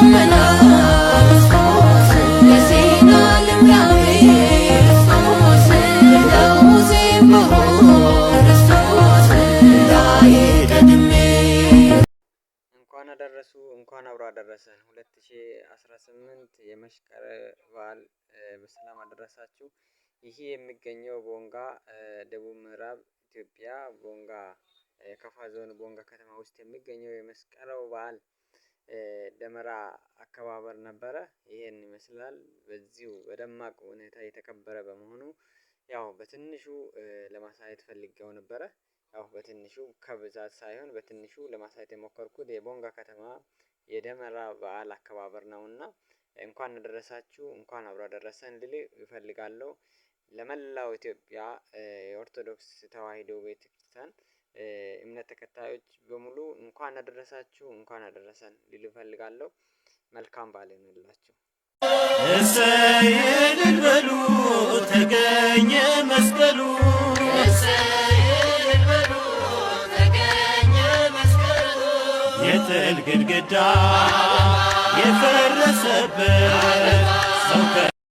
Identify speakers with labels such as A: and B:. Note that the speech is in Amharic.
A: እንኳን
B: አደረሱ እንኳን አብሮ አደረሰን። ሁለት ሺህ የመስቀል በዓል በሰላም አደረሳችሁ። ይህ የሚገኘው ቦንጋ ደቡብ ምዕራብ ኢትዮጵያ ቦንጋ ከፋ ዞን ቦንጋ ከተማ ውስጥ የሚገኘው የመስቀል በዓል ደመራ አከባበር ነበረ። ይህን ይመስላል። በዚሁ በደማቅ ሁኔታ የተከበረ በመሆኑ ያው በትንሹ ለማሳየት ፈልጌው ነበረ። ያው በትንሹ ከብዛት ሳይሆን በትንሹ ለማሳየት የሞከርኩት የቦንጋ ከተማ የደመራ በዓል አከባበር ነውና እንኳን ደረሳችሁ እንኳን አብሮ አደረሰን ልል ይፈልጋለሁ። ለመላው ኢትዮጵያ የኦርቶዶክስ ተዋሕዶ ቤተክርስቲያን እምነት ተከታዮች በሙሉ እንኳን አደረሳችሁ እንኳን አደረሰን ሊል እፈልጋለሁ። መልካም በዓል ይሁንላችሁ። እሰይ እልል በሉ ተገኘ መስቀሉ የጥል ግድግዳ የፈረሰበት